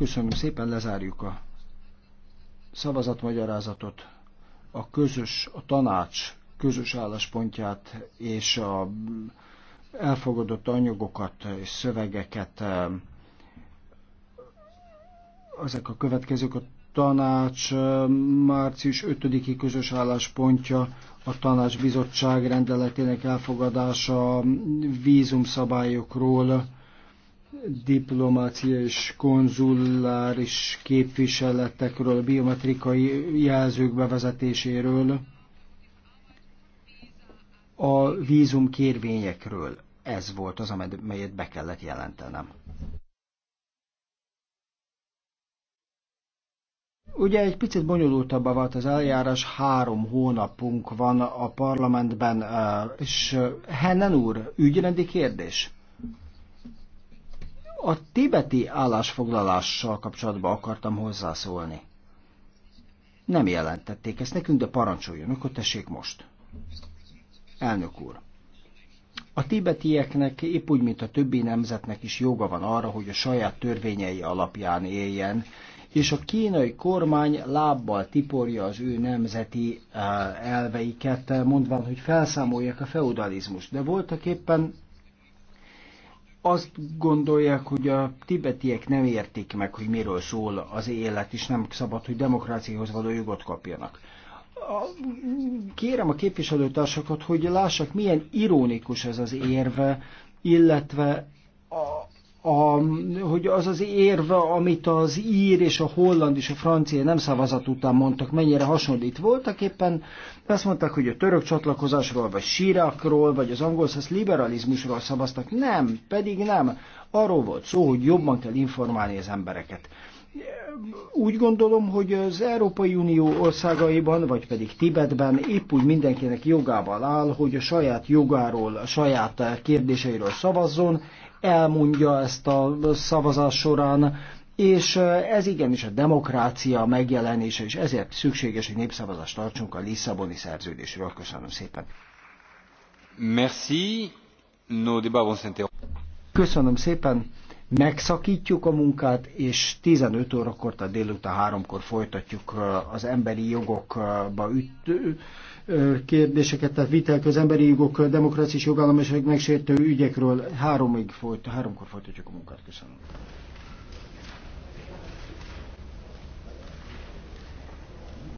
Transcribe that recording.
Köszönöm szépen, lezárjuk a szavazatmagyarázatot. A közös, a tanács közös álláspontját és a elfogadott anyagokat és szövegeket eh, ezek a következők a tanács eh, március 5-i közös álláspontja, a tanács bizottság rendeletének elfogadása vízumszabályokról, diplomácia és konzuláris képviseletekről, a biometrikai jelzők bevezetéséről, a vízum kérvényekről. Ez volt az, amelyet be kellett jelentenem. Ugye egy picit bonyolultabb volt az eljárás, három hónapunk van a parlamentben, eh, és eh, Hennen úr, ügyrendi kérdés? A tibeti állásfoglalással kapcsolatban akartam hozzászólni. Nem jelentették ezt nekünk, de parancsoljon, akkor tessék most. Elnök úr. A tibetieknek épp úgy, mint a többi nemzetnek is joga van arra, hogy a saját törvényei alapján éljen, és a kínai kormány lábbal tiporja az ő nemzeti eh, elveiket, mondván, hogy felszámolják a feudalizmust. De voltak éppen azt gondolják, hogy a tibetiek nem értik meg, hogy miről szól az élet, és nem szabad, hogy demokráciához való jogot kapjanak. Kérem a képviselőtársakat, hogy lássák, milyen ironikus ez az érve, illetve a, a, hogy az az érve, amit az ír és a holland és a francia nem szavazat után mondtak, mennyire hasonlít voltak éppen, azt mondták, hogy a török csatlakozásról, vagy sírakról, vagy az angol száz liberalizmusról szavaztak. Nem, pedig nem. Arról volt szó, hogy jobban kell informálni az embereket. Úgy gondolom, hogy az Európai Unió országaiban, vagy pedig Tibetben épp úgy mindenkinek jogával áll, hogy a saját jogáról, a saját kérdéseiről szavazzon, elmondja ezt a szavazás során, és ez igenis a demokrácia megjelenése, és ezért szükséges, hogy népszavazást tartsunk a Lisszaboni szerződésről. Köszönöm szépen. Merci. no Köszönöm szépen megszakítjuk a munkát, és 15 órakor, tehát délután háromkor folytatjuk az emberi jogokba ütő kérdéseket, tehát vitel az emberi jogok, demokráciás jogállamiság megsértő ügyekről háromig folyt, háromkor folytatjuk a munkát. Köszönöm.